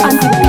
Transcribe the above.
I'm.